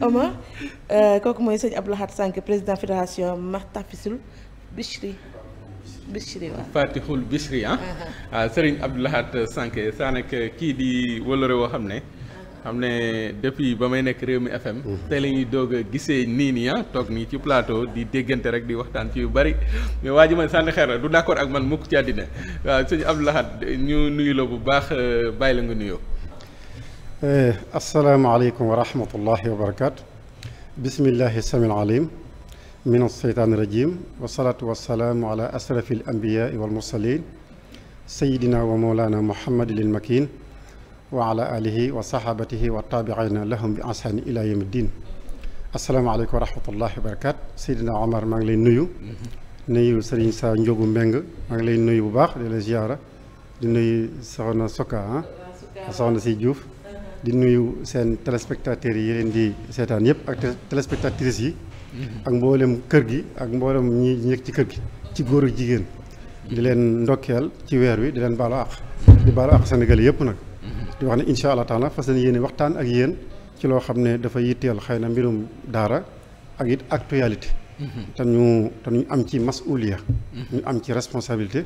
Omar euh, kooku mooy sëñ Abdou Lahad Sànk président fédération Mastafisul Bichri Bichri waaw Fatihul Bichri ah. Uh-huh. ah sëriñ Abdou Lahad Sànk saa nag kii di wëlëre woo xam ne. xam ne depuis ba may nekk réew Rewmi FM. Hmm. tey la ñuy doog gisee nii ah toog nii ci plateau di déggante rek di waxtaan ci yu bari mais waa ji man sànni xeer la du d'accord ak man mukk ci àddina waaw sëñ Abdou Lahad ñu nuyu la bu baax euh, bàyyi la nga nuyoo. Eh, asalaamaaleykum wa rahmatullahi wa barakaatu bismillahi sami alim min alseytaan irajim wasalaatu wasalaamu ala ashrafi al anbiyaai walmursalin sayidina wa moolana mohammadin il makin wa ala alihi wa sahabatihi wa taabiina lahum bi ahsani ila yawmi ddin asalaamaaleykum wa rahmatullahi wa barakaatu sayidina omar maa ngi lay nuyu nuyu sëriñ sa njogu mbeng maa ngi lay nuyu bu baax di la ziyaara di nuyu soxna Soka ah soxna si Diouf di nuyu seen téléspectateurs yi leen di seetaan yëpp ak téléspectatrices yi. Mhm. ak mboolem kër gi ak mboolem ñi nekk ci kër gi. ci góor ak jigéen. di mhm. leen ndokkeel ci weer wi di leen baalu àq. di baalu àq Sénégal yëpp nag. Mhm. di wax ne incha allah taala fas yéene waxtaan ak yéen ci loo xam ne dafa yitteel xëy na mbirum daara ak it actualité. te ñu te ñu am ci masuliya ñu am ci responsabilité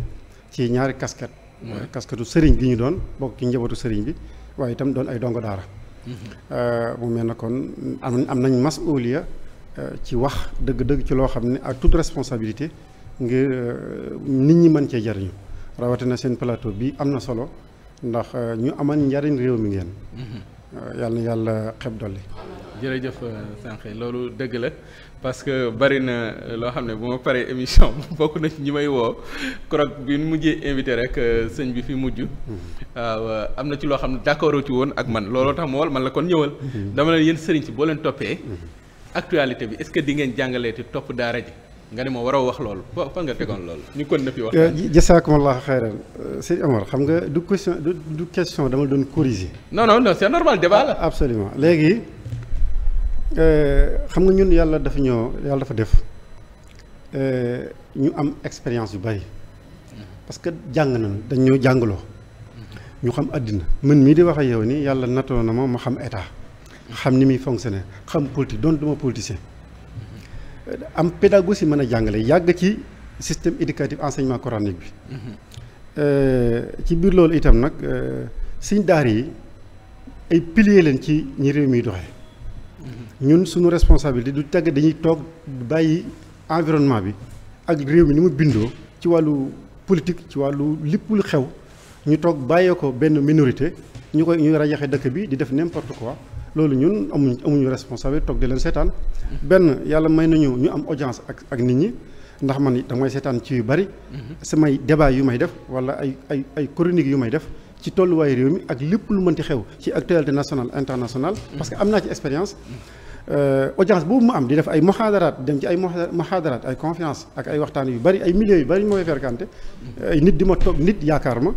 ci ñaari casquette. mooy casquette sëriñ gi ñu doon bokk ci njabootu bi. waaye itam doon ay dongo daara mm-hmm. euh, mu mel na kon am nañ masuliya euh, ci wax dëgg-dëgg ci loo xam ne ak toute responsabilité ngir euh, nit ñi mën cee jariñu rawatina seen plateau bi am na solo ndax ñu amal njariñ réew mi ngeen mm-hmm. yàlla na yàlla xeb dolli jërëjëf euh, sànq loolu dëgg la parce que bari na loo xam ne bu ma paree émission bokk na ci ñi may woo krog bi nu mujjee invité rek euh, sëñ bi fi mujj mm-hmm. euh, waaw am na ci loo xam ne d'accord ci woon ak man looloo tax ma wal man la kon ñëwal mm-hmm. dama leen yéen sëriñ ci boo leen toppee mm-hmm. actualité bi est-ce que di ngeen jàngalee te topp daara ji nga ne ma waroo wax loolu fa fan nga tegoon loolu ñu kon na fi wax jasaakumullah xayran sëñ Amar xam nga du question du question dama doon corriger non non non c'est normal débat la ah, léegi Euh, xam nga ñun yàlla dafa ñoo yàlla dafa def euh, ñu am expérience yu bari parce que jàng nañ dañ ñoo jàngaloo ñu xam àddina mën mii di wax ak yow nii yàlla natoo na ma ma xam état xam ni muy fonctionner xam politique doon duma politicien am pédagogie mën a jàngale yàgg ci système éducatif enseignement coranique bi euh, ci biir loolu itam nag suñ daar yi ay pilier leen ci ñi réew mi doxee ñun suñu responsabilité du teg dañuy toog bàyyi environnement bi ak réew mi ni mu bindoo ci wàllu politique ci wàllu lépp lu xew ñu toog bàyyee ko benn minorité ñu koy ñu rajaxe dëkk bi di def n'importe quoi loolu ñun amuñ amuñu responsabilité toog di leen seetaan benn yàlla may nañu ñu am audience ak ak nit ñi ndax man damay seetaan ci yu bari mhm. samay débat yu may def wala ay ay ay chronique yu may def ci tolluwaayu réew mi ak lépp lu mënti xew ci actualité nationale internationale mhm. parce que am naa ci expérience Euh, audience boobu mu am di def ay muxaadaraat dem ci ay muxaadaraat ay conférence ak ay waxtaan yu bari ay milieux yu bari ñu ma fréquenté euh, ay nit di ma toog nit yaakaar ma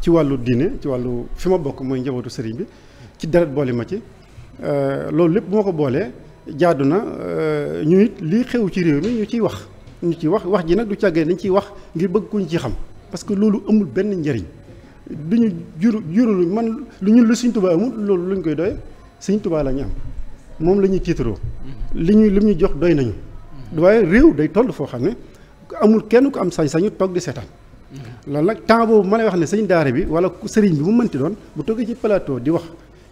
ci wàllu diine ci wàllu fi ma bokk mooy njabootu sëriñ bi ci deret boole ma ci euh, loolu lépp bu ma ko boolee jaadu na ñu it lii xew ci réew mi ñu ciy wax ñu ciy wax wax ji nag du càggee dañ ciy wax ngir bëgg kuñ ci xam parce que loolu amul benn njëriñ duñu juru juru man lu ñun lu Sëriñ Tuubaa amul loolu luñ koy doye Sëriñ Tuubaa la moom la ñuy tiitaroo li ñuy lim ñu jox doy nañu waaye réew day toll foo xam ne amul kenn ku am sañ-sañu toog di seetaan loolu nag temps boobu ma lay wax ne sëñ daara bi wala sëriñ bi mu mënti doon bu toggee ci plateau di wax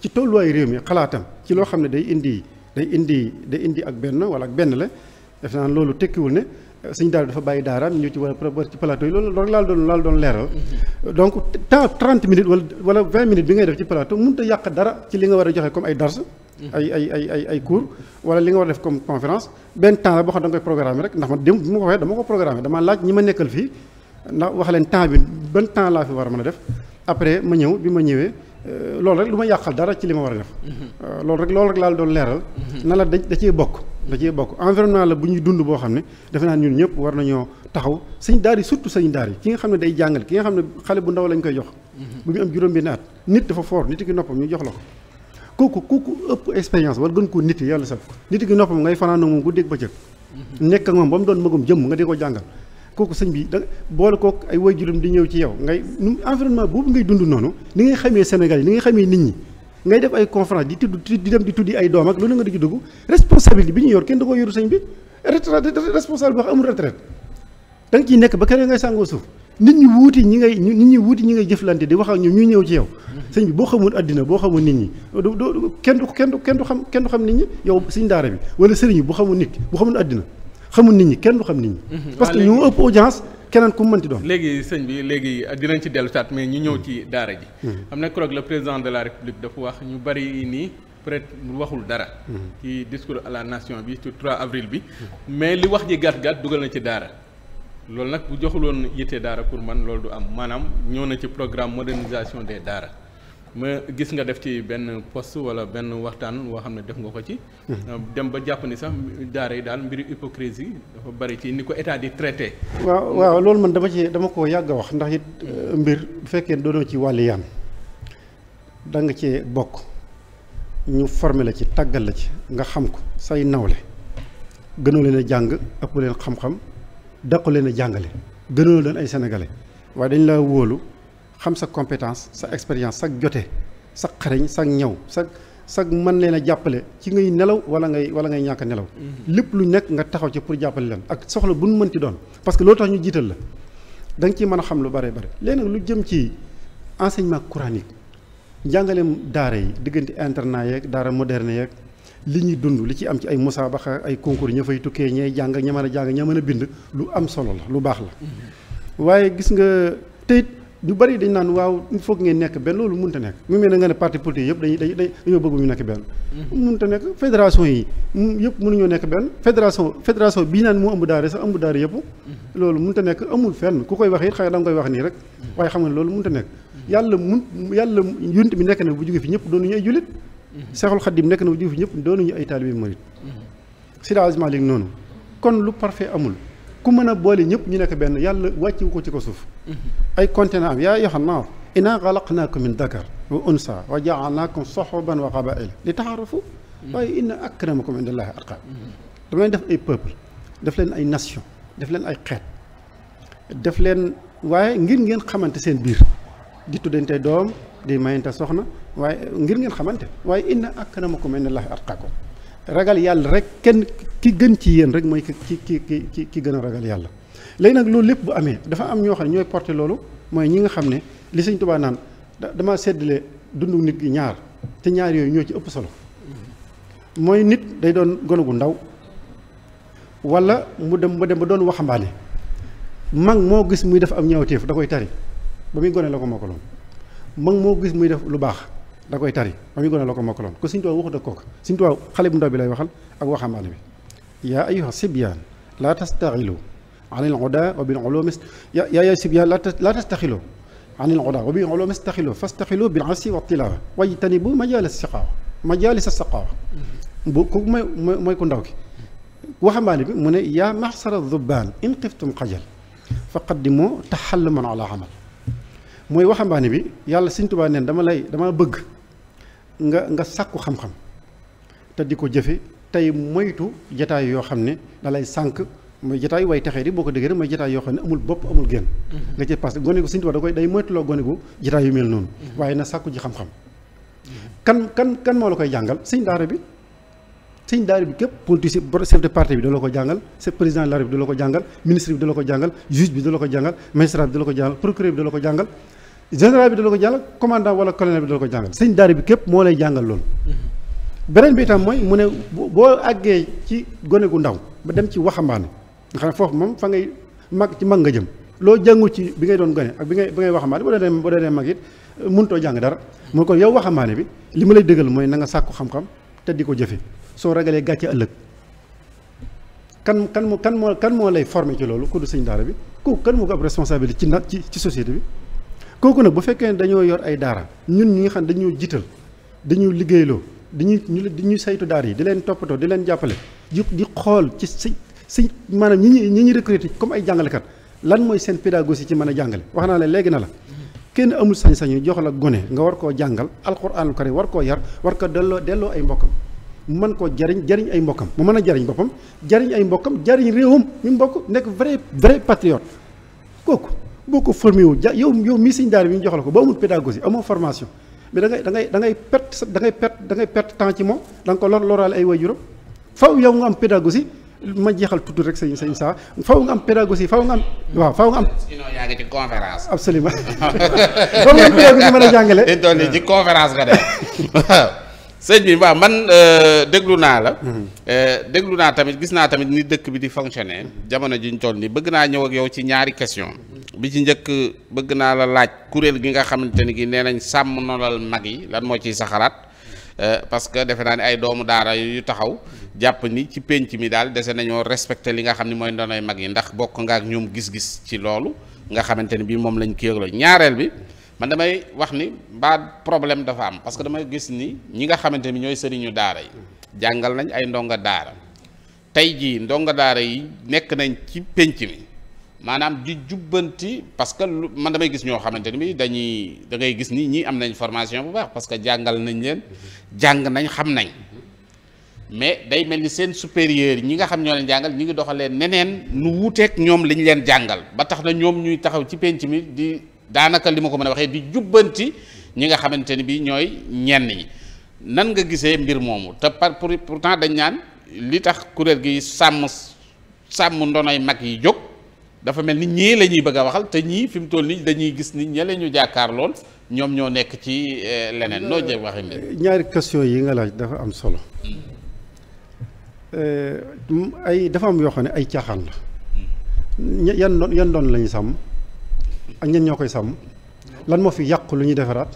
ci ay réew mi xalaatam ci loo xam ne day indi day indi day indi ak benn wala ak benn la def naa loolu tekkiwul ne eh, sëñ daara dafa bàyyi daaraam ñu ci war ci plateau yi loolu loolu laal doon laal doon leeral donc temps 30 minutes wala wala 20 minutes bi ngay def ci plateau mënut yàq dara ci li nga war a joxe comme ay dars ay ay ay ay ay cours wala li nga war def comme conférence benn temps la boo xam da nga koy rek ndax man démb bi ma ko waxee dama ko programme dama laaj ñi ma nekkal fii ndax wax leen temps bi ban temps laa fi war a mën a def après ma ñëw bi ma ñëwee euh, loolu rek lu dara ci li ma war a def. Euh, loolu rek loolu rek doon leeral. na la da da cee bokk. da cee bokk environnement la bu ñuy dund boo xam ne defe naa ñun ñëpp war nañoo taxaw sëñ daar yi surtout sëñ daar yi ki nga xam ne day jàngal ki nga xam ne xale bu ndaw lañ koy jox. bu mhm. ñu am juróom-benn at nit dafa foor nit ki noppam ñu jox la ko. kooku kooku ëpp expérience wala gën koo nit yàlla sax nit ki noppam ngay fanaan moom guddeeg bëccëg nekk ak moom ba mu doon magum jëmm nga di ko jàngal kooku sëñ bi da boole kook ay way jurum di ñëw ngay boobu ngay dund noonu ni ngay xamee Sénégal yi ni ngay xamee nit ñi ngay def ay conférence di tudd di dem di tuddi ay doom ak loolu nga di ci dugg responsabilité bi ñu yor kenn da ko yoru sëñ bi retraite responsable boo amul retraite da nga ciy nekk ba kër ngay sàngoo suuf nit ñi wuuti ñi ngay nit ñi wuuti ñi ngay jëflante di wax ak ñoom ñuy ñëw ci yow sëñ bi boo xamul addina boo xamul nit ñi do do kenn du kenn du kenn du xam kenn du xam nit ñi yow sëñ daara bi wala sëriñ bi bu xamul nit bu xamul addina xamul nit ñi kenn du xam nit ñi mhm. parce que ñu ëpp audience keneen ku mënti doon léegi sëñ bi léegi dinañ ci dellu saat mais ñu ñëw mhm. ci daara ji mhm. am na keroog le président de la république dafa wax ñu bari nii peut-être waxul dara ci discours à la nation bi ci 3 avril bi mais li wax ji gàtt gàtt dugal nañ ci daara loolu nag bu joxuloon yitte daara pour man loolu du am maanaam ñëw na ci programme modernisation des daara ma gis nga def ci benn post wala benn waxtaan woo xam ne def nga ko ci. Mhm. dem ba jàpp ni sax daara yi daal mbiru hypocrisie dafa bari ci ni ko état di traité. waaw waaw loolu man dama ci dama ko yàgg a wax ndax it euh, mbir bu fekkee doonoo ci wàllu yaan da nga cee bokk ñu formé la ci tàggal la ci nga xam ko say nawle gënoo leen a jàng ëpp leen xam-xam. dàqu leen a jàngale gënoon doon ay sénégalais waaye dañ la wóolu xam sa compétence sa expérience sag jote sa xarañ sa ñaw sa sa mën leen a jàppale ci ngay nelaw wala ngay wala ngay ñàkk nelaw mm-hmm. lépp lu nekk nga taxaw ci pour jàppale leen ak soxla bu nu mënti doon parce que loolu tax ñu jiital la da nga ciy mën a xam lu bare bare léegi nag lu jëm ci enseignement coranique njàngaleem daara yi diggante internat yeeg daara moderne yeeg li ñuy dund li ci am ci ay musaabaxa ay concours ña fay tukkee ñay jàng ña mën a jàng ña mën a bind lu am solo la lu baax la waaye gis nga teyit ñu bari dañ naan waaw foog faut ngeen nekk benn loolu mun mënta nekk mu mel nga ne parti politique yëpp dañuy dañuy dañoo bëgg ñu nekk benn mënta nekk fédération yi yëpp mënuñoo nekk benn fédération fédération bii naan moo ëmb daara sax ëmb daara yëpp loolu mun mënta nekk amul fenn ku koy wax it xëy da nga koy wax nii rek waaye xam nga loolu mënta nekk yàlla mun yàlla yunt bi nekk na bu jóge fi ñëpp doon ñu ay jullit Mhm. Seexul Xaddim nekk na juuf ñëpp doonuñu ay taalibe murit mhm. Seydi Hadji Malick noonu kon lu parfait amul ku mën a boole ñëpp ñu nekk benn yàlla wàcce ko ci ko suuf mhm. ay contenant am yaa yoxan naa inaa xalaqnaakum min dakar wa unsa wa jaalnaakum soxoban wa qabail li taxaarafu waaye inna akramakum indallaahi atqaakum dama leen def ay peuple def leen ay nation def leen ay xeet def leen waaye ngir ngeen xamante seen biir di tuddante doom di mayante soxna waaye ngir ngeen xamante waaye inna akramakum indallahi atqakum ragal yàlla rek kenn ki gën ci yéen rek mooy ki ki ki ki gën a ragal yàlla léegi nag loolu lépp bu amee dafa am ñoo xam ne porté loolu mooy ñi nga xam ne li Sëñ Tuubaa naan dama seddale dundu nit gi ñaar te ñaar yooyu ñoo ci ëpp solo mooy nit day doon gone gu ndaw wala mu dem ba dem ba doon waxambaane mag moo gis muy def am ñaawteef da koy tari ba muy gone la ko mokkaloon mag moo gis muy def lu baax da koy tari ba muy gone la ko mokkaloon ko Sëñ xale bu ndaw bi lay waxal ak waxambaane bi yaa ayyuha sibyaan laa tastaxilu anil hudaa wa bil ulumi yaa ayyuha sibyaan laa tastaxilu anil hudaa wa bil ulumi staxilu fastaxilu bil asi wa tilaawa wajtanibu majaalis saqaawa majaalis saqaawa bu kooku mooy mooy ku ndaw ki waxambaane bi mu ne yaa maxsara dubbaan in xiftum xajal faqaddimu taxalluman ala amal mooy waxambaane bi yàlla Sëñ Tuubaa neen dama lay bëgg nga nga sàkku xam-xam te di ko jëfe tey moytu jataay yoo xam ne da lay sànq mooy jataay way texee di boo ko déggee rek mooy jataay yoo xam ne amul bopp amul génn mm-hmm. nga ci parce que gone gu Sëñ Tuubaa da koy day moytuloo gone gu jataay yu mel noonu mm-hmm. waaye na sàkku ji xam-xam mm-hmm. kan kan kan moo la koy jàngal sëñ daara bi sëñ daara bi képp politicien chef de parti bi da la ko jàngal si président de bi da la ko jàngal ministre bi da la ko jàngal juge bi ko jàngal magistrat bi da la ko jàngal ko jàngal général bi dala ko jàngal commandant wala colonel bi dala ko jàngal sëñ daara bi képp moo lay jàngal loolu beneen bi itam mooy mu ne boo àggee ci gone gu ndaw ba dem ci waxambaane nga xam ne foofu moom fa ngay mag ci mag nga jëm loo jàngu ci bi ngay doon gone ak bi ngay bi ngay waxambaane boo doonee boo doonee mag it mënutoo jàng dara mun kon yow waxambaane bi li ma lay dëggal mooy nanga nga sàkku xam-xam te di ko jëfe soo ragalee gàcce ëllëg kan kan kan moo kan moo lay formé ci loolu ku du sëñ daara bi kooku kan moo ko ab responsabilité ci na ci ci société bi kooku nag bu fekkee ne dañoo yor ay daara ñun ñu nga xam dañoo jiital dañu liggéeyloo dañuy ñu dañuy saytu daar yi di leen toppatoo di leen jàppale di xool ci si si maanaam ñi ñi ñi ñuy recruter comme ay jàngalekat lan mooy seen pédagogie ci mën a jàngale wax naa la léegi na la kenn amul sañ-sañu jox la gone nga war koo jàngal alxuraanul karim war koo yar war ko delloo delloo ay mbokkam mën koo jariñ jariñ ay mbokkam mu mën a jariñ boppam jariñ ay mbokkam jariñ réewam ñu mbokk nekk vrai vrai patriote kooku boo ko formé wu ja yow yow mii siñ daara bi ñu jox la ko boo amul pédagogie amoo formation mais dangay ngay da ngay da ngay perte da ngay perte da ngay temps ci moom da ko lor loraale ay waajuram faw yow nga am pédagogie ma jeexal tudd rek sañu sëñ saa faw nga am pédagogie faw nga am waaw faw nga am. sinon yaa ngi ci conférence. absolument faw nga am pédagogie mën jàngale. dañu doon ne ci conférence nga def waaw. sëñ bi euh, déglu naa la. Mhm. Euh, déglu naa tamit gis naa tamit ni dëkk bi di fonctionner mhm. jamono ji ñu toll nii bëgg naa ñëw ak yow ci ñaari question bi ci njëkk bëgg naa la laaj kuréel gi nga xamante ni gi nee nañ sàmm nolal mag yi lan moo ciy sa xalaat euh, parce que defe naa ne ay doomu daara yu taxaw jàpp ni ci pénc mi daal dese nañoo respecté li nga xam ni mooy ndonoy mag yi ndax bokk nga ak ñoom gis-gis ci loolu nga xamante ni bii moom lañ kéerloo ñaareel bi man damay wax ni mbaa problème dafa am parce que damay gis ni ñi nga xamante ni ñooy sëriñu daara jàngal nañ ay ndonga daara tey jii ndonga daara yi nekk nañ ci pénc mi maanaam di jubbanti parce que man damay gis ñoo xamante ni bi dañuy dangay gis ni ñii am nañ formation bu baax parce que jàngal nañ leen jàng nañ xam nañ mais day mel ni seen supérieur ñi nga xam ñoo leen jàngal ñi ngi doxalee neneen nu wuuteeg ñoom liñ leen jàngal ba tax na ñoom ñuy taxaw ci pénc mi di daanaka li ma ko mën a waxee di jubbanti ñi nga xamante ni bi ñooy ñenn yi nan nga gisee mbir moomu te par pourtant dañ naan li tax kuréel gi sàmm sàmm ndonoy mag yi jóg dafa mel ni ñii la ñuy bëgg a waxal te ñii fi mu toll nii dañuy gis ni ña ñu jàkkaar lool ñoom ñoo nekk ci eh, leneen noo jë waxi euh, ñaari question yi nga laaj dafa am solo euh, ay dafa am yoo xam ne ay caaxaan la yan doon yan doon la ñuy sàmm ak ñen ñoo koy sàmm lan moo fi yàqu lu ñuy defaraat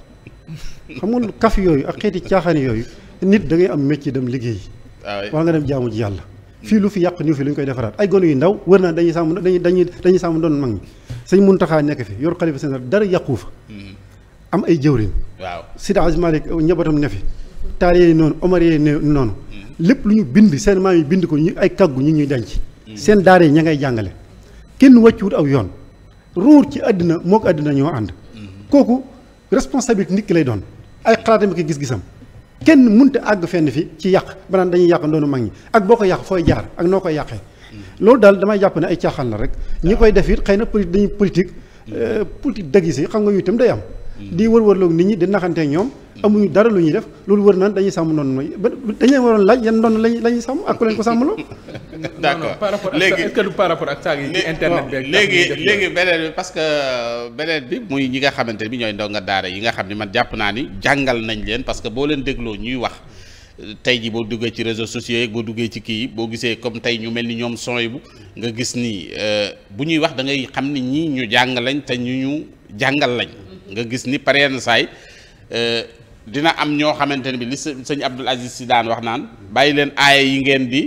xam nga kaf yooyu ak xeeti caaxaan yooyu nit da ngay am métier dem liggéey ah wala nga dem jaamu ji yàlla fii lu fi yàq ñu fi lu ñu koy defaraat ay gone yu ndaw wër naa dañuy sàmm dañuy dañuy dañuy sàmm doon mag ñi munu Muntaxa nekk fi yor xalifa seen dara yàqu fa mm-hmm. am ay jëwriñ waaw Sidi Aj Malik ñabatam ne fi taariyee noonu omariyee noonu mm-hmm. lépp lu ñu bind seen maam yi bind ko ñu ay kaggu ñu ñuy denc mm-hmm. seen daara yi ña ngay jàngale kenn wàccuwut aw yoon ruur ci àddina moo ko àddina ñoo ànd kooku responsabilité nit ki lay doon ay xalaatam ak gis-gisam kenn munta àgg fenn fi ci yàq banaan dañuy yàq ndoonu mag ñi ak boo ko yàq fooy jaar ak noo koy yàqee loolu daal damay jàpp ne ay caaxaan na rek ñi koy def it xëy na dañuy politique euh, politique déguisée xam nga yu itam day am di wërwërloog nit ñi di naxanteeg ñoom amuñu dara lu ñuy def loolu wër naan dañuy sàmm noonu mooy dañ leen waroon laaj yan noonu lañ la ñuy sàmm ak leen ko sàmm loo d'accord léegi est-ce que par rapport ak saag yi internet léegi léegi beneen bi parce que euh, bi muy ñi nga xamante bi ñooy ndongo daara yi nga xam ne man jàpp naa ni jàngal nañ leen parce que boo leen dégloo ñuy wax euh, tey ji boo duggee ci réseaux sociaux yeeg boo duggee ci kii boo gisee comme tey ñu mel ni ñoom sooy bu nga gis ni euh, bu ñuy wax da ngay xam ni ñii ñu jàng lañ te ñu ñu jàngal lañ nga gis ni par yenn saay euh, dina am ñoo xamante ne bi li sëñ Abdul Aziz si daan wax naan bàyyi leen aaya yi ngeen di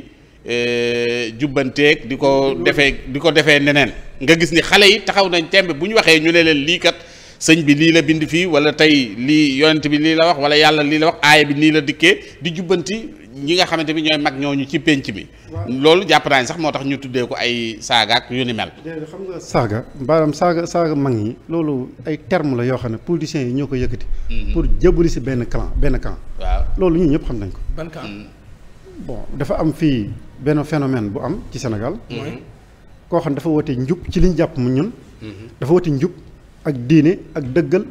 euh, jubbanteeg di ko defee di ko defee neneen nga gis ni xale yi taxaw nañ temb bu ñu waxee ñu ne leen lii kat sëñ bi lii la bind fii wala tey lii yonent bi lii la wax wala yàlla lii la wax aaya bi nii la dikkee di jubbanti ñi nga xamante bi ñooy mag ñooñu ci pénc mi. loolu jàpp naa sax moo tax ñu tuddee ko ay saaga ak yu ni mel. xam nga saaga maanaam saaga saaga mag ñi loolu ay terme la yoo xam ne politiciens yi ñoo ko yëkkati. Mhm. pour jëbali si benn clan benn camp. loolu ñu ñëpp xam nañ ko. ban camp mhm. bon dafa am fii benn phénomène bu am ci Sénégal. Mhm. koo xam dafa woote njub ci liñ jàpp mu ñun. dafa woote njub ak diine ak dëggal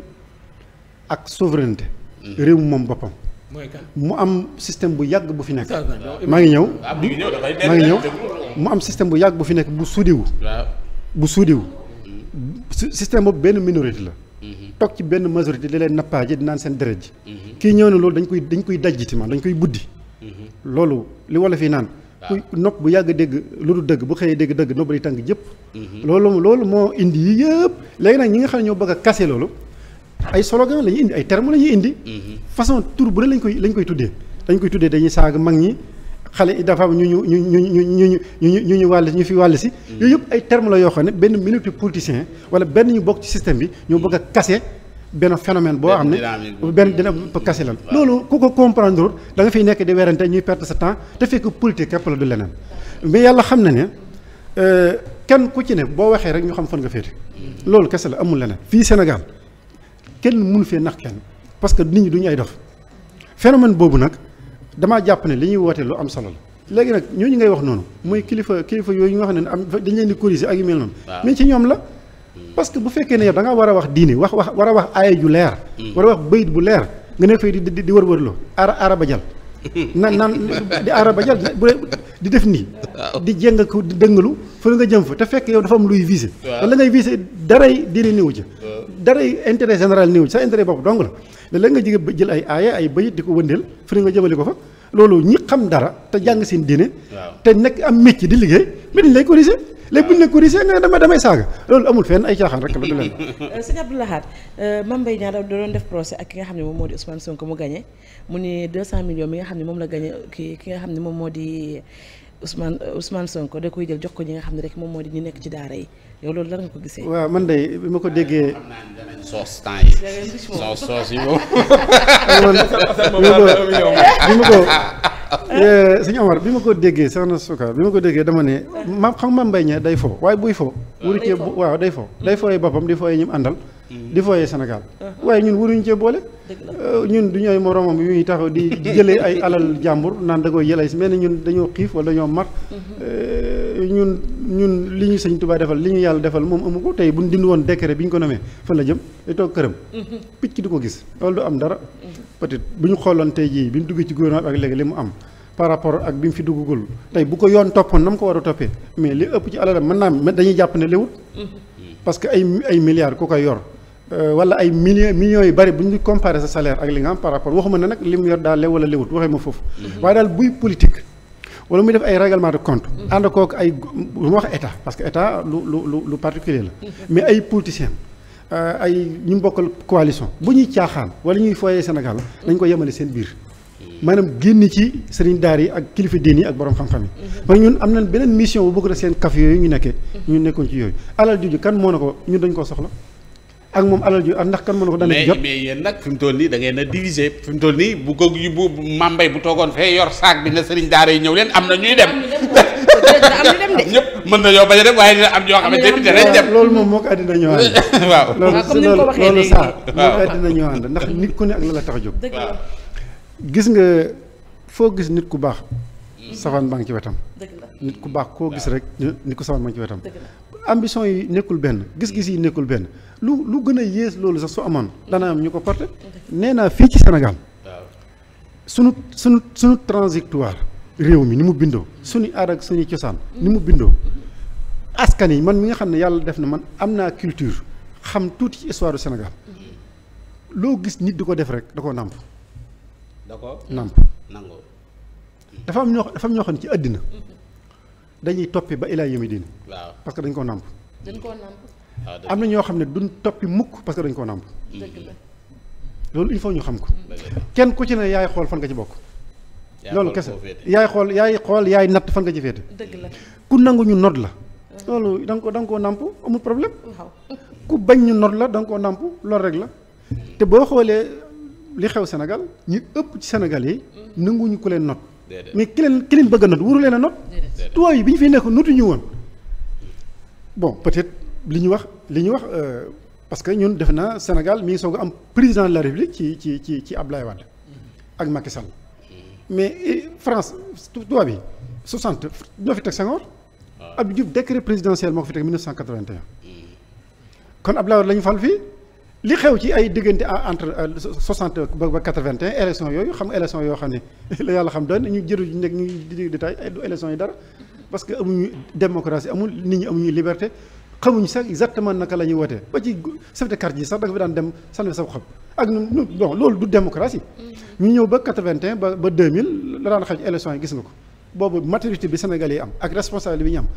ak souveraineté. réew moom boppam. mu am système bu yàgg bu fi nekk. maa ngi ñëw. Ah, maa ngi ñëw mu am système bu yàgg bu fi nekk bu suudiwu bu suudiwu mm-hmm. système boobu benn minorité la. Mm-hmm. toog ci benn majorité di leen nappaaje di naan seen deret ji. Mm-hmm. kii ñëw ne loolu dañ koy dañ koy dajjiti man dañ koy buddi. loolu li wala fi naan. ku nopp bu yàgg dégg lu du dëgg bu xëyee dégg dëgg nopp di tàng jëpp. loolu loolu moo indi yii yëpp léegi nag ñi nga xam ne ñoo bëgg a kase loolu. ay slogan la ñuy indi ay termes la ñuy indi. Mm-hmm. façon tour bu ne lañ koy lañ koy tuddee dañ koy tuddee dañuy saaga mag ñi xale dafa am ñu ñu ñu ñu ñu ñu ñu ñu ñu wàll ñu fi wàll si. Mm-hmm. yooyu yëpp ay termes la yoo xam ne benn minute politicien wala benn ñu bokk ci système bi ñoo bëgg kase benn phénomène boo xam ne benn dina kase lan loolu ku ko comprendre da nga fiy nekk di werante ñuy perte sa temps te fekk politique képp la du leneen mais yàlla xam na ne. Euh, kenn ku ci ne boo waxee rek ñu xam fon nga féete mm-hmm. loolu kese la amul leneen fii Sénégal kenn mënu fee nax kenn parce que nit ñi duñu ay dof phénomène boobu nag damaa jàpp ne li ñuy wootee lu am solo la léegi nag ñooñu ngay wax noonu mooy kilifa kilifa yooyu nga xam ne am dañ leen di corriger ak mel noonu. mais ci ñoom la. parce que bu fekkee ne da nga war a wax diine wax wax war a wax aaya ju leer. Hmm. war a wax bayit bu leer nga ne fay di di di wërwërloo aara aaraba jal nan nan di araba jal bu di def nii di jéng ko di dëngalu fa nga jëm fa te fekk yow dafa am luy visé la ngay visé daray diine néew ja dara intérêt général néew sa intérêt bopp dong la léeg nga jige jël ay aaya ay bayit di ko wëndeel firi nga jëmale ko fa loolu ñi xam dara te jàng seen diine te nekk am métier di liggéey mais dañ lay corriger léegi bu ñu la corriger nga dama damay saaga loolu amul fenn ay caaxaan rek la du leen euh, sëñ Abdou Lahad euh, Mame Mbaye Niang da doon def procès ak ki nga xam ne moom moo di Ousmane Sonko mu gagné mu ni 200 millions mi nga xam ne moom la gagné ki ki nga xam ne moom moo di Ousmane euh, Ousmane Sonko da koy jël jox ko ñi nga xam ne rek moom moo di ñu nekk ci daara yi yow loolu lan nga ko gisee. waaw man de bi ma ko déggee. xam naa ne danañ soos bi ma ko eh, sëñ bi ma ko déggee soxna Souka bi ma ko déggee dama ne. maam xam nga mbay ña day fo waaye buy fo. waaw day fo day fo. day fooyee boppam di fooyee ñim àndal. di fooyee Sénégal uh-huh. waaye ñun waruñu cee boole uh, ñun du ñu ay moromam yu ñuy taxaw di jëlee ay alal jàmbur naan da koy jëlee si mel ni ñun dañoo xiif wala dañoo mar uh-huh. uh, ñun ñun li ñu sëñ Tuubaa defal li ñu yàlla defal moom amu ko tey bu ñu dind woon décret bi ñu ko nomee fan la jëm di toog këram uh-huh. picc du ko gis loolu du am dara peut-être bu ñu xooloon tey jii bi ñu dugg ci gouvernement ak léegi li mu am par rapport ak bi mu fi duggagul tey bu ko yoon toppoon na mu ko war a toppee mais li ëpp ci alalam mën naa dañuy jàpp ne léwut parce que ay ay milliards ku koy yor Euh, wala ay millions millions yu bari bu ñu comparé sa salaire ak li nga am par rapport waxuma ne nag li mu yor daal lew wala lewut waxee ma foofu. Mhm. waaye daal buy politique. wala muy def ay règlement de compte. Mhm. ànd kook ay lu ma wax état parce que état lu lu lu lu particulier la. Mhm. mais ay politiciens euh, ay ñu bokkal coalition bu ñuy caaxaan wala ñuy foyee Sénégal nañ ko yemale seen biir. maanaam génn ci sëriñ daar yi ak kilifa diin yi ak borom xam-xam yi. parce ñun am nañ beneen mission bu bëgg na seen kaf yooyu ñu nekkee. ñu nekkoon ci yooyu alal juju kan moo na ko ñun dañ koo soxla. ak moom alal ji ndax kan mën na ko dana jot mais yéen nag fi mu toll nii da ngeen a diviser fi mu toll nii bu ko bu mambay toogoon fee yor saak bi ne seriñ daara yi ñëw leen am na ñuy dem ñëpp mën nañoo bañ a dem waaye dina am ñoo xamante ni danañ loolu moom moo ko ñoo waaw loolu loolu saa moo ko àddina ndax nit ku ne ak la la tax a jóg gis nga foo gis nit ku baax safaan baa ngi ci wetam nit ku baax koo gis rek nit ku safaan baa ci wetam ambition yi nekkul benn gis-gis yi nekkul benn lu lu gën a yées loolu sax su amoon dana am ñu ko porté nee naa fii ci senegal sunu sunu sunu trajectoire réew mi ni mu bindoo suñu aada ak suñu cosaan ni mu bindoo askan yi man mi nga xam ne yàlla def na man am naa culture xam tuuti ci histoire du Sénégal loo gis nit di ko def rek da koo nàmp da ko nàmp nangoo dafa am ñoo dafa am ñoo ne ci àddina dañuy toppee ba ilaa yemi diin dañ ko nàmp nàmp Ah, am na ñoo xam ne du toppi mukk parce que dañ koo nàmp loolu il faut ñu xam ko kenn ku ci ne yaay xool fan nga ci bokk loolu kese yaay xool yaay xool yaay natt fan nga ci féete ku nangu ñu nodd la ah. loolu da nga ko da nga koo nàmp amul problème ku bañ ñu nodd la da nga koo nàmp loolu rek la te boo xoolee li xew senegal ñu ëpp ci Sénégal yi mm. nanguñu ko leen not mais ki leen ki bëgg a not wuru leen a not tubaab yi bi ñu fiy nekk notuñu woon bon li ñu wax li ñu wax euh, parce que ñun defe naa Sénégal mi ngi soog am président de la République ci ci ci ci Abdoulaye Wade ak Macky Sall mais France tubaab yi 60 ñoo fi teg Senghor. waaw Abdou Diouf décret moo ko fi teg 1981. kon Abdoulaye Wade la ñu fal fii li xew ci ay diggante entre 60 euh, ba ba 81 élection yooyu xam nga élection yoo xam ne la yàlla xam daan ñu jëru nekk ñu di détail ay du élection yi dara parce que amuñu amul nit ñi amuñu liberté. xamuñ sax exactement naka la ñuy wootee ba ci chef de quartier yi sax da fi daan dem sànni sa xob ak nu bon loolu du démocratie mm-hmm. ñu ñëw ba 81 ba ba 2000 la daan xew ci élection yi gis nga ko boobu maturité bi Sénégal yi am ak responsabilité bi ñu am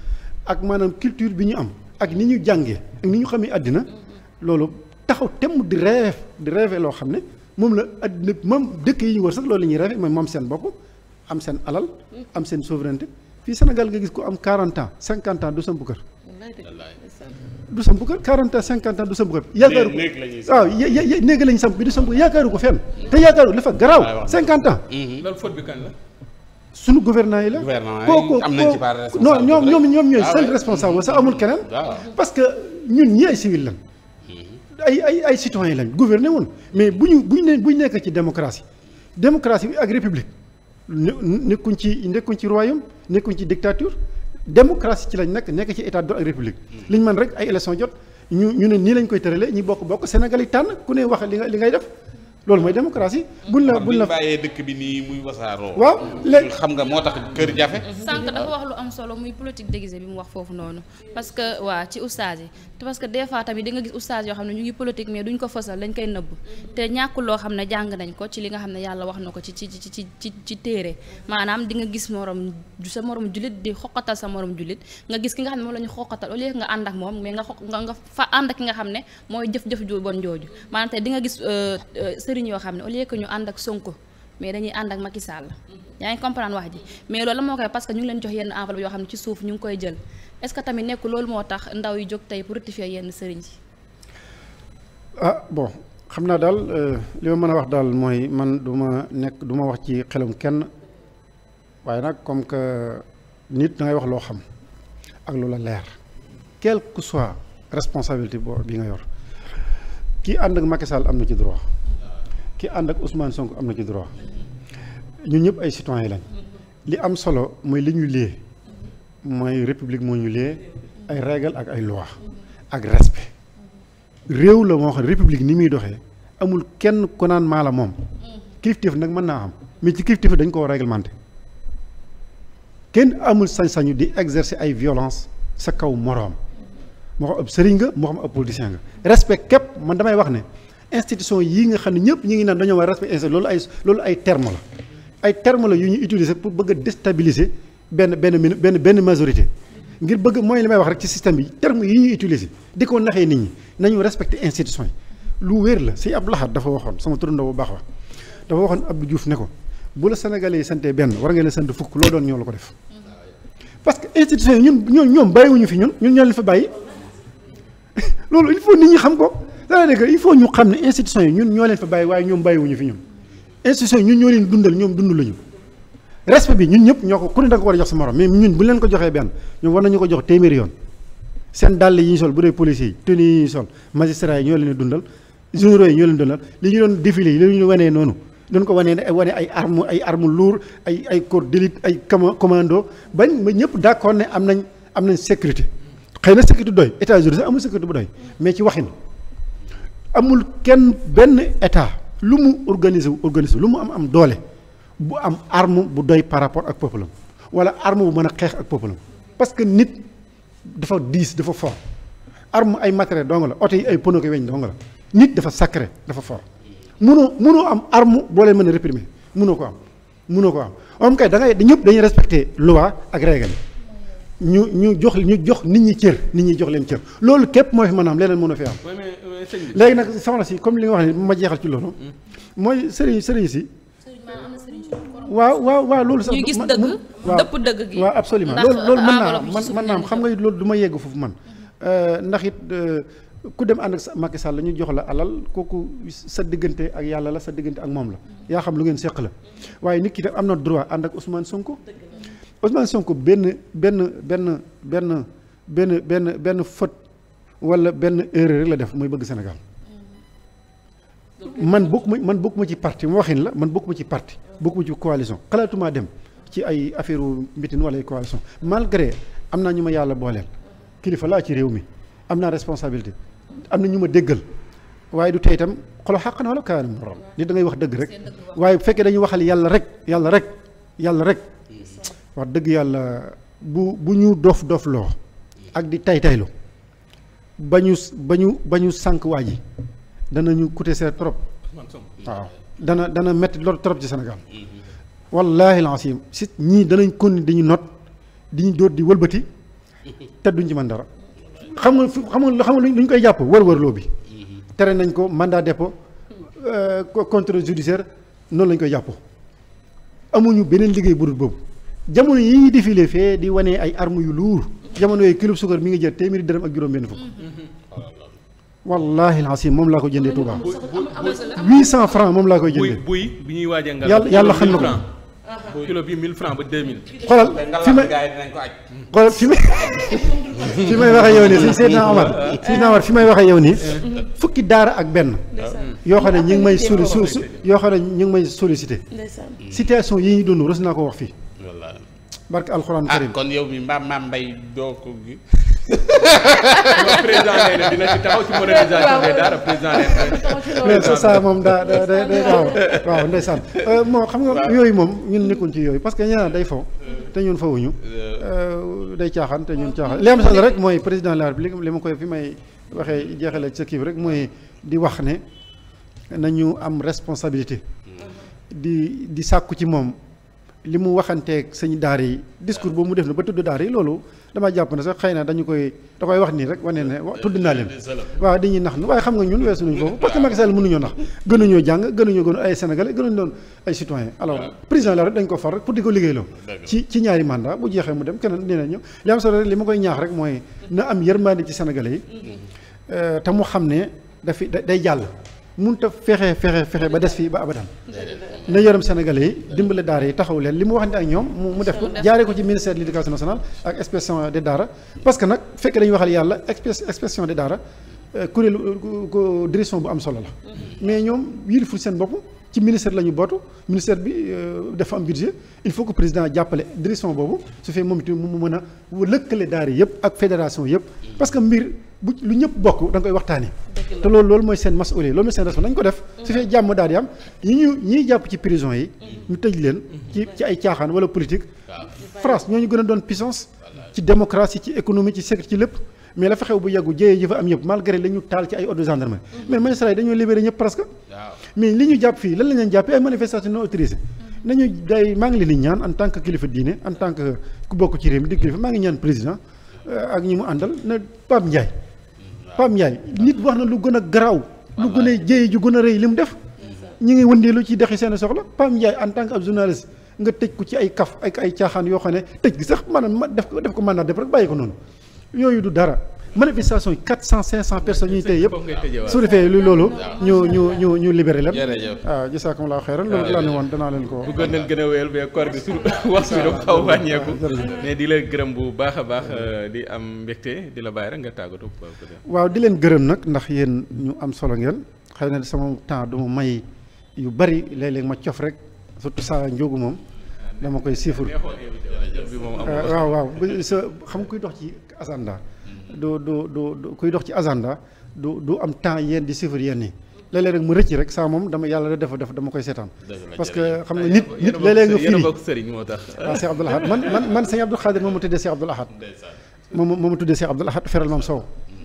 ak maanaam culture bi ñu am ak ni ñu jàngee ni ñu xamee àddina mm-hmm. loolu taxaw temm di rêve di rêve loo xam ne moom la àddina moom dëkk yi ñu wër sax loolu la ñuy rêve mooy moom seen bopp am seen alal mm-hmm. am seen souveraineté fii Sénégal nga gis ko am 40 ans 50 ans du samp kër du samp kër 40 ans 50 ans du samp kër yaakaaru ko waaw néeg lañu samp yaakaaru ko fenn te yaakaaru dafa garaaw 50 ans mhm. loolu faute la suñu gouvernement yi la kooku non ñoom ñoom ñoom ñooy ah, seen responsable sax amul keneen parce que ñun ñi ay civil lan mhm. ay ay ay citoyen lañ gouverner woon mais bu ñu bu ñu ne bu ñu nekk ci démocratie démocratie bi ak république nekkuñ ci nekkuñ ci royaume nekkuñ ci dictature démocratie ci lañ nekk nekk ci état de droit ak république hmm. liñ mën rek ay élection jot ñu ñu ne nii lañ koy tëralee ñu bokk bokk Sénégal yi tànn ku ne wax li nga li ngay def loolu mooy démocratie. buñ la buñ la bàyyee dëkk bi nii muy wasaaroo. waaw léegi xam nga moo tax kër jafe. sànq dafa wax lu am solo muy politique déguisée bi mu wax foofu noonu parce que waa ci oustaz yi te parce fois tamit di nga gis oustaz yoo xam ne ñu ngi politique mais duñ nañ ko ci li nga xam ne yàlla wax na ko ci ci ci ci ci ci téere maanaam nga gis morom sa morom julit di xoqatal sa morom julit nga gis ki nga xam ne moom la ñu xoqatal au lieu nga ànd ak moom mais nga fa ànd ak ki nga xam ne mooy jëf-jëf ju bon jooju maanaam te di nga gis euh, euh, sëriñ yoo xam ne au lieu que ñu ànd ak Sonko mais dañuy ànd ak Macky Sall yaa ngi comprendre wax ji mais loolu la moo koy parce que ñu ngi leen jox yenn enveloppe yoo xam ne ci suuf ñu ngi koy jël est-ce que tamit nekk loolu moo tax ndaw yi jóg tey pour rectifier yenn sëriñ yi ah bon xam naa daal euh, li ma mën a wax daal mooy man du ma nekk duma wax ci xelum kenn waaye nag comme que nit da wax loo xam ak loola leer quel soit responsabilité boo bi nga yor kii ànd ak Macky Sall ki ànd ak Ousmane Sonko am na ci droit ñun ñëpp ay citoyen lañ li am solo mooy li ñu liyee mooy république moo ñu liyee ay règle ak ay loi ak respect réew la moo xam république ni muy doxee amul kenn ko naan maa la moom kilifteef nag mën naa am mais ci kilifteef dañ ko koo réglementé kenn amul sañ-sañu di exercer ay violence sa kaw moroom moo xam ab sëriñ nga moo xam ab politicien nga respect képp man damay wax ne institution yii nga xam ne ñëpp ñu ngi naan dañoo war a respecté loolu ay loolu ay terme la ay terme la yu ñu utiliser pour bëgg a déstabiliser benn benn benn benn majorité ngir bëgg mooy li may wax rek ci système bi terme yi ñuy utiliser di ko naxee nit ñi nañu respecté institution yi lu wér la si ab Lahad dafa waxoon sama turandoo bu baax wax dafa waxoon Abdou Diouf ne ko bu la Sénégalais yi benn war nga leen sant fukk loo doon la ko def parce que institution yi ñun ñoom ñoom bàyyiwuñu fi ñun ñun ñoo leen fa bàyyi loolu il faut nit ñi xam ko. c'est-à-dire que il faut ñu xam ne institution yi ñun ñoo leen fa bàyyi waaye ñoom bàyyiwuñu fi ñun institution yi ñun ñoo leen dundal ñoom dundaluñu respect bi ñun ñëpp ñoo ko ku ne da ko war a jox sa morom mais ñun bu leen ko joxee benn ñoom war nañu ko jox téeméeri yoon seen dàll yi ñu sol bu dee policiers yi tenue yi ñu sol magistrats yi ñoo dundal généraux yi ñoo leen dundal li ñu doon défilé yi li ñu wanee noonu doon ko wanee ne wane ay arme ay arme lourd ay ay corps d'élite ay commando bañ ba ñëpp d'accord ne am nañ am nañ sécurité xëy na sécurité doy États-Unis sax amul sécurité bu doy mais ci waxin amul kenn benn état lu mu organiser wu organiser lu mu am am doole bu am arme bu doy par rapport ak peuple am wala arme bu mën a xeex ak peuple am parce que nit dafa diis dafa fort arme ay matériel dong la oto yi ay pono ko weñ dong la nit dafa sacré dafa fort munoo munoo am arme boo leen mën a réprimer munoo ko am munoo ko am moom kay da ngay ñëpp dañuy respecter loi ak règle ñu ñu jox ñu jox nit ñi cër nit ñi jox leen cër loolu képp mooy fi mën a am leneen mën a fi am. léegi nag soxna si comme li nga wax ni ma jeexal ci loolu. Hmm. mooy sëriñ sëriñ si. waaw waaw waaw loolu sax. ñu gis dëgg dëpp dëgg gi. waaw absolument loolu loolu mën man mën naa am xam nga loolu du ma yegg foofu man hmm. euh, ndax it. Euh, ku dem ànd ak Macky Sall la ñu jox la alal kooku sa diggante ak yàlla la sa diggante ak moom la hmm. yaa xam lu ngeen seq la waaye nit ki tam am na droit ànd ak Ousmane Sonko. Ousmane sonk benn benn benn benn benn benn benn faute wala benn erreur rek la def muy bëgg Sénégal mm-hmm. man bokk ma man bokk ma ci parti ma waxin la man bokk ma ci parti bokk ma ci coalition xalaatuma dem ci ay affaire mitin wala ay coalition malgré am naa ñu ma yàlla booleel kilifa laa ci réew mi am naa responsabilité am na ñu ma déggal waaye du tey itam xolo xàqan wala kaanam nit da ngay wax dëgg rek waaye bu fekkee dañuy waxal yàlla rek yàlla rek yàlla rek wax dëgg yàlla bu bu ñu dof dof loo ak di tay taylu ba ñu ba ñu ba ñu sànq waa ji danañu coûter cher trop waaw dana dana métti lool trop ci senegal wallaahi lancim si ñii danañ konni di ñu not di ñu dóor di wëlbati te duñ ci man dara xam nga xam nga xam nga lu ñu koy jàpp wër-wërloo bi tere nañ ko mandat dépôt euh, contrôle judiciaire noonu lañ koy jàpp amuñu beneen liggéey bu dul boobu jamono yi ñuy défilé fee di wane ay armes yu luur jamono yooyu kilo sukar mi ngi jël téeméeri dërëm ak juróom benn fukk wallahi alazim moom laa ko koy jëndee Touba 800 francs moom laa koy jëndee buy bi ñuy waaj nga yàlla yàlla xam na ko kilo bi 1000 francs ba 2000. xoolal fi may xoolal fi may eh. fi may waxee yow nii Seydina Omar Seydina fi may waxee yow nii fukki daara ak benn. yoo xam ne ñu ngi may solli yoo xam ne ñu ngi may sollicité. situation yi ñu dund rus naa ko wax fii. wallaahi. barke alxuraan ah, karim kon yow mi mbaam mbaam doo ko moom daa da da day waaw waaw ndeysaan euh, moo xam nga yooyu moom ñun nekkoon ci yooyu parce que ñeneen day fo te ñun fawuñu euh. euh, day caaxaan te ñun caaxaan li am solo rek mooy président de la république li ma koy fi may waxee jeexale ci sa kii rek mooy di wax ne nañu am responsabilité mm. di di sàkku ci moom li mu waxanteeg sëñ daara yi discours boobu mu def na ba tudd daara yi loolu dama jàpp na sax xëy na dañu koy da koy wax nii rek wane ne tudd naa leen waaw dañuy nax nu waaye xam nga ñun weesu nañu foofu parce que Macky Sall mënuñoo nax gënuñoo jàng gënuñoo gën ay sénégalais gënuñu doon ay citoyen alors président la rek dañ ko far rek pour di ko liggéeyloo ci ci ñaari mandat bu jeexee mu dem keneen nee ñëw li am solo rek li ma koy ñaax rek mooy na am yërmande ci mun a fexe fexe fexe ba des fii ba abadan na yërëm sénégalais yi dimbale daara yi taxaw leen li mu waxante ak ñoom mu def ko jaaree ko ci ministère de l' éducation nationale ak inspection des daara parce que nag fekk dañu waxal yàlla inspection de daara kuréelu direction bu am solo la mais ñoom yiliful seen bopp ci ministère la ñu bootu ministère bi euh, dafa am budget il faut que président jàppale direction boobu su fee moom itam mu mën a lëkkale daara yëpp ak fédération yëpp parce que mbir bu lu ñëpp bokk da koy waxtaanee te loolu loolu mooy seen mas loolu mooy seen raison nañ ko def mm-hmm. su fee jàmm daal di am ñi ñu ñuy jàpp ci prison yi mm-hmm. ñu tëj leen ci ci ay caaxaan wala politique France ñoo ñu gën a doon puissance ci démocratie ci économie ci sécurité ci lépp mais la fa bu yàggu jëyee ji fa am yëpp malgré la taal ci ay ordre de gendarmerie mm-hmm. mais magistrat yi dañoo libéré ñëpp presque mais li ñu jàpp fii lan la leen jàppee ay manifestation non mm-hmm. day maa ngi leen di ñaan en tant que kilifa diine en tant que ku bokk ci réew mi di kilifa maa ngi ñaan président euh, ak ñi mu àndal na Pape Ndiaye mm-hmm. Pape Ndiaye nit wax na lu gën a garaaw lu gën a jëyee ju gën a rëy li mu def ñi ngi wëndeelu ci dexi seen soxla Pape Ndiaye en tant que ab nga tëj ko ci ay ay caaxaan yoo xam ne tëj gi sax maanaam def ko def ko mandat def rek bàyyi ko noonu yooyu du dara manifestation yi quatre cent cinq cent personnes yi tey yëpp su defee lu loolu ñu ñu ñu ñu libéré leen waaw ah, gisaakumulaa xeyran loolu laa ne woon danaa leen ko bëggoon nañ gën a wéyal bee koor gi su wax bi dafa xaw wàññeeku mais di la gërëm bu baax a baax euh, di am mbégte di la bàyyi rek nga tàggatu waaw di leen gërëm nag ndax yéen ñu am solo ngeen xëy na sama temps du ma may yu bari léeg-léeg ma cof rek surtout saa njóogu moom dama koy siifur eh, waaw waaw sa xam kuy dox ci agenda hmm. du du du kuy dox ci agenda du du am temps yéen di siifur yéen nii léeg-léeg rek mu rëcc rek saa moom dama yàlla da def def dama koy seetaan parce que xam nga nit nit léeg-léeg nga firi waaw ah, Cheikh Abdoul Ahad man man man sëñ Abdoul Khadir moom mu tuddee Cheikh Abdoul Ahad moom moom mu tuddee Cheikh Abdoul Ahad feral maam Sow hmm.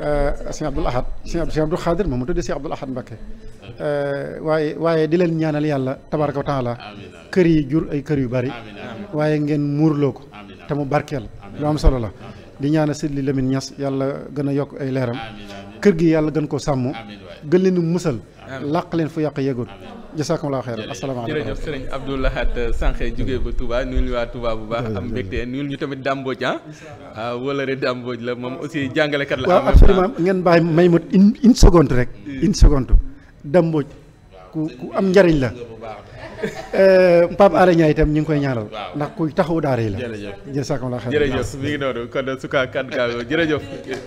Euh, sëñ Abdul Ahad sëñ Abdul sëñ Abdul Xaadir moom mu tuddee sëñ Abdul Ahad Mbakke euh, waaye waaye di leen ñaanal yàlla tabaraka wa taala kër yi jur ay kër yu bari waaye ngeen muurloo ko te mu barkeel lu am solo la di ñaanal sëñ li Lamine Niass yàlla gën a yokk ay leeram kër gi yàlla gën ko sàmm gën leen musal làq leen fu yàq yeggut jasakumulaa xeyran asalaamaaleykum jërëjëf sëriñ Abdou Lahad euh, Sànqe jógee ba Touba nuyu ñu waa Touba bu baax am mbégte nuyu ñu tamit Dàmbooj ah, ah wëlëre Dàmbooj la moom aussi jàngalekat la waaw absolument ngeen bàyyi may ma une une seconde rek mm. une seconde Dàmbooj ku ku am njariñ la euh, Pape Alé Niang itam ñu ngi koy ñaanal ndax kuy taxawu daara yi la jërëjëf jasakumulaa xeyran jërëjëf mi ngi noonu kon su kaa kan kaa jërëjëf